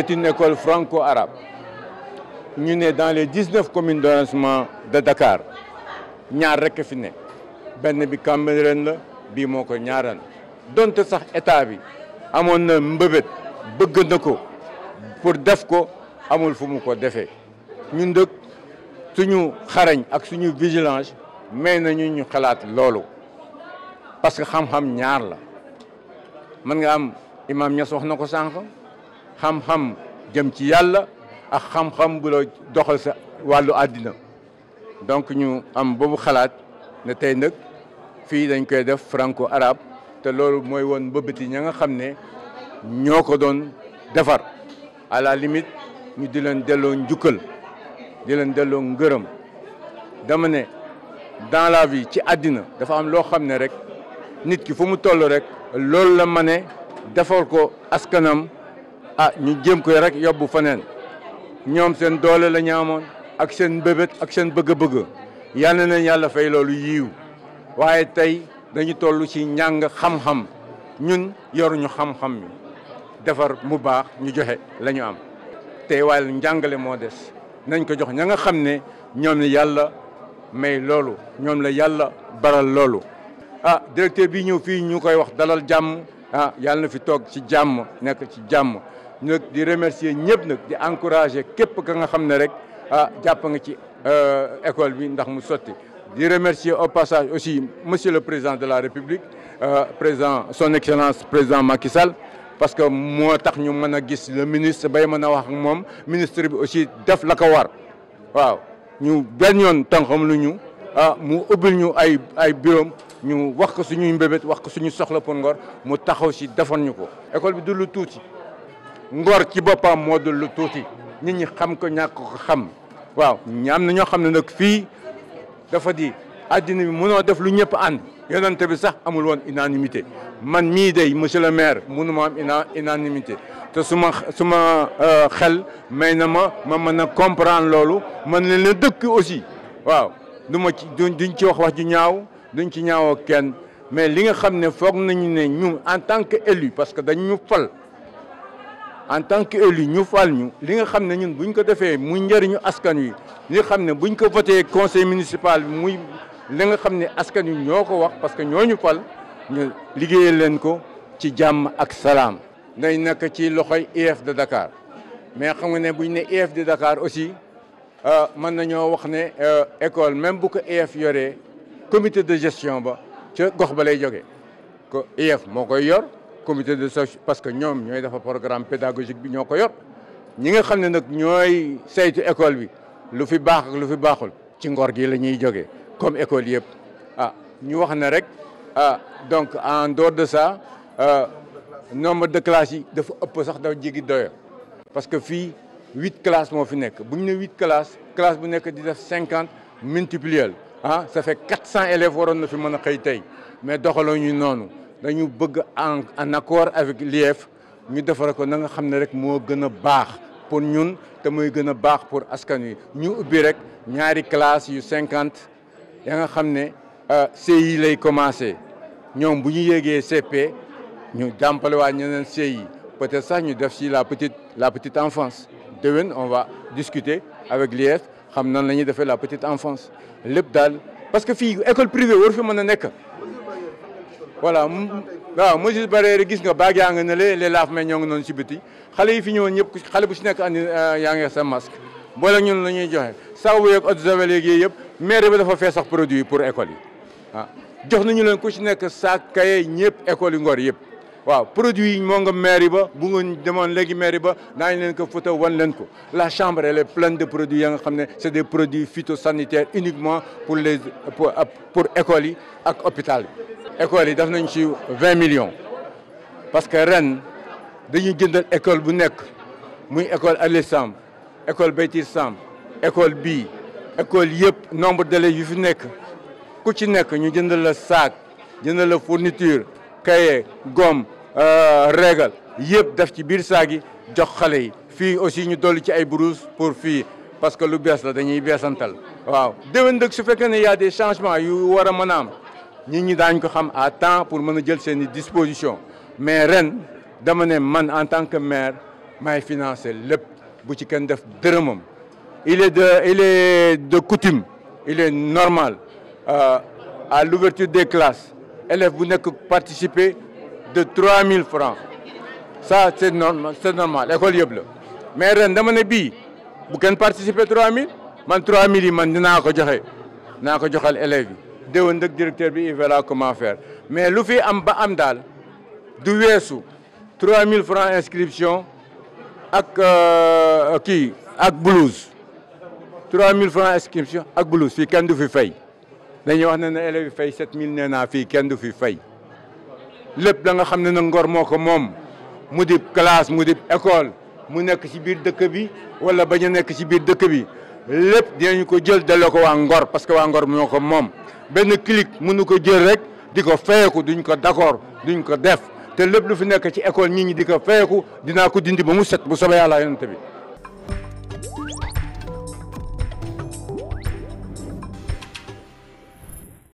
C'est une école franco-arabe. ñu ne dans les dix-neuf communes d'arrondissement de Dakar ñaar rekk fi ne benn bi Cambérène la bii moo ko ñaaran donte sax état bi amoon na mbëbét bëgg ko pour def ko amul fu mu ko defee ñun dëkk suñu xarañ ak suñu vigilance may nañu ñu xalaat loolu parce que xam-xam ñaar la mën nga am imam Niass wax na ko sànq xam-xam jëm ci yàlla a xam-xam bu doxal sa wàllu àddina donc ñu am boobu xalaat ne tey nag fii dañ koy def franco araab te loolu mooy woon mbëbëti ña nga xam ne ñoo ko doon defar à la limite ñu di leen delloo njukkal di leen delloo ngërëm dama ne dans la vie ci àddina dafa am loo xam ne rek nit ki fu mu toll rek loolu la ma ne defar ko askanam a ah, ñu jéem koy rek yóbbu faneen ñoom seen doole la ñu amoon ak seen bébét ak seen bëgg-bëgg yal na leen yàlla fay loolu yiiw waaye tey dañu toll ci ñàng xam-xam ñun yoruñu xam-xam mi defar mu baax ñu joxe lañu am tey waaye njàngale moo des nañ ko jox ña nga xam ne ñoom la yàlla may loolu ñoom la yàlla baral loolu ah directeur bi ñëw fii ñu koy wax dalal jàmm a ah, yàlla na fi toog ci jàmm nekk ci jàmm nag di remercier ñëpp nag di encourager képp ka nga xam ne rek ah jàpp nga ci euh, école bi ndax mu sotti di remercier au passage aussi monsieur le président de la république euh, président son excellence président Macky Sall parce que moo tax ñu mën a gis le ministre bay mën a wax moom ministre bi aussi def la ko war waaw ñu benn yoon tànqam ñu ah mu ubbil ñu ay ay bureau ñu wax ko suñuy mbébét wax ko suñu soxla pour Ngor mu taxaw si defoon ñu ko école bi du lu tuuti ngor ci boppam moo dul lu tuuti nit ñi xam ko ñàkk ko xam waaw ñaam na ñoo xam ne nag fii dafa di addina bi mënoo def lu ñëpp ànd yonente bi sax amul woon unanimité man mii day monsieur le maire munu ma am ina unanimité te su ma su ma euh, xel may na ma ma mën a comprendre loolu mën leen na dëkk aussi waaw du ma ci duñ ci wax wax ju ñaaw duñ ci ñaawoo kenn mais li nga xam ne foog nañu ne ñu en tant que élu parce que dañu ñu fal en tant que élu ñu fal ñu li nga xam ne ñun buñ ko defee muy njëriñu askan wi li xam ne buñ ko voté conseil municipal bi muy li nga xam ne askan wi ñoo ko wax parce que ñoo ñu fal ñu leen ko ci jàmm ak salaam. day nekk ci loxoy IEF de Dakar mais xam nga ne buñ ne IEF de Dakar aussi euh, mën nañoo wax ne euh, école même bu ko IEF yoree comité de gestion ba ca gox ba lay jógee ko moo koy yor. comité de soci parce que ñoom ñooy dafa programme pédagogique bi ñoo ko yor ñi nga xam ne nag ñooy saytu école bi lu fi baax ak lu fi baaxul ci ngor gi la ñuy jógee comme école yëpp ah ñu wax ne rek ah donc en dehors de ça euh, nombre de classes yi dafa ëpp sax dafa jigi doy parce que fii huit classes moo fi nekk bu ñu ne huit classes classe bu nekk di def cinquante multiplier ah ça fait quatre cent élèves waroon na fi mën a xëy tey mais doxaloo ñu noonu dañu bëgg en en accord avec l'IEF ñu defar ko na nga xam ne rek moo gën a baax pour ñun te muy gën a baax pour askan wi ñu ubbi rek ñaari classe yu cinquante ya nga xam ne euh, CI lay commencé ñoom bu ñu yéegee CP ñu jàmpale waa ñeneen CI peut-être sax ñu def si la petite la petite enfance déwén on va discuter avec l'IEF xam nan la ñuy defee la petite enfance lépp daal parce que fi école privée war fi mën a nekk voilà waaw mesure barrière gis nga baag yaa nga ne le les laaf mais ñoo ngi noonu si biti xale yi fi ñëwoon ñëpp xale bu ci nekk andi euh, yaa ngi sa masque boole ñun la ñuy joxe saabu yeeg eau de javel yeeg yëpp maire bi dafa fee sax produit pour école yi ah, jox nañu leen ku ci nekk saak kaye ñëpp école yi Ngor yëpp waaw produit yi moo nga mairie ba bu nga demoon léegi mairie ba daañu leen ko photo wan leen ko la chambre elle est pleine de produits ya nga xam ne c'est des produits phytosanitaires uniquement pour les pour pour école yi ak hôpital bi écoles yi def nañ ci vingt millions parce que ren dañuy jëndal école bu nekk muy école Alioune Samb école Baytir Samb école bi école yëpp nombre d'élèves yu fi nekk ku ci nekk ñu jëndal la saak jëndal la fourniture cahier gomme euh, régal yëpp def ci biir saak yi jox xale yi fii aussi ñu dolli ci ay bourses pour fii parce que lu bees la dañuy beesantal waaw déwén dëkk su fekkee ne y changement yu war a mën a nit ñi daañ ko xam à temps pour mën a jël seeni disposition mais ren dama ne man en tant que maire may financer lépp bu ci kenn def dërëmam il est de il est de coutume il est normal euh, à l'ouverture des classes élèves bu nekk participer de 3000 francs ça c'est normal c'est normal école yëpp la mais ren dama ne bii bu kenn participer 3000 man 3000 yi man dinaa ko joxe naa ko joxal élèves yi déwén nag directeur bi il verra comment faire mais lu fi am ba am daal du weesu mille francs inscription ak euh, kii ak blouse 3000 francs inscription ak blouse fii kenn du fi fay dañuy wax ne ne élèves yi fay 7000 nee naa fii kenn du fi fay lépp la nga xam ne na ngor moo ko moom mu di classe mu di école mu nekk ci biir dëkk bi wala bañ nekk ci biir dëkk bi lépp ñu ko jël delloo ko waa Ngor parce que waa Ngor moo ko moom benn clic mënu ko jël rek di ko feyeku duñ ko d'accord duñ ko def te lépp lu fi nekk ci école nit ñi di ko feyeku dinaa ko dindi ba mu set bu soobee yàlla yonent bi